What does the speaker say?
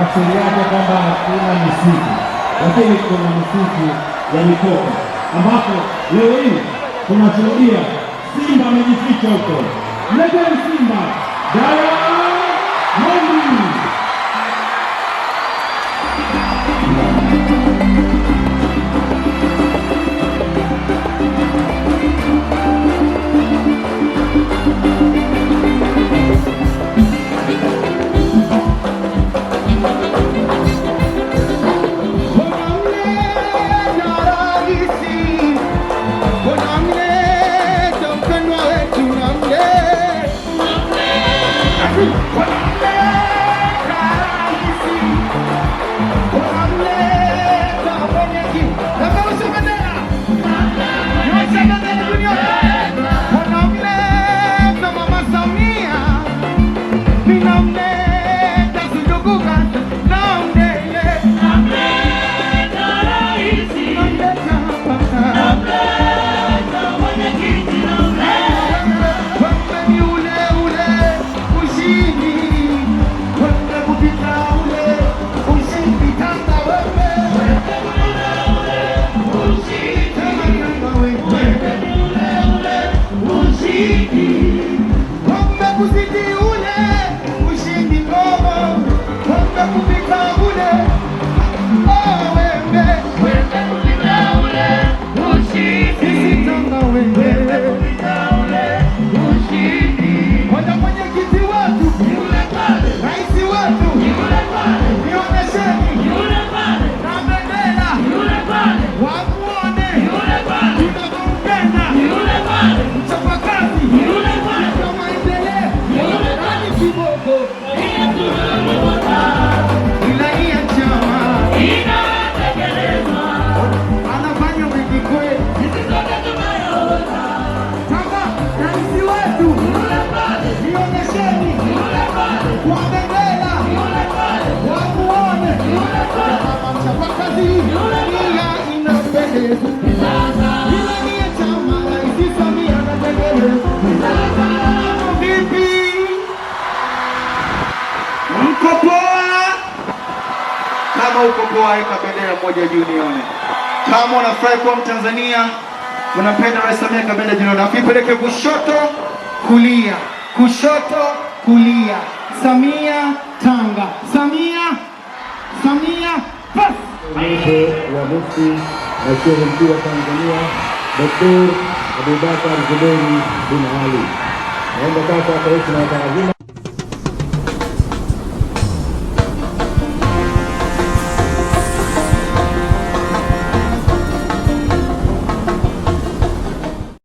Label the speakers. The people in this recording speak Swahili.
Speaker 1: tafsiri yake kwamba kuna misitu, lakini kuna misitu ya mikoko, ambapo leo hii tunashuhudia simba amejificha huko. Mleteni simba dawa Quay Kama uko moja juu Kama unafurahi kuwa Mtanzania, unapenda Rais Samia, weka bendera juu kushoto kulia, kushoto kulia. Samia Tanga, Samia Samia, bas.
Speaker 2: Asyik Henti wa Tanzania Betul Abu Bakar Zubairi bin Ali Yang berkata kata Terima kasih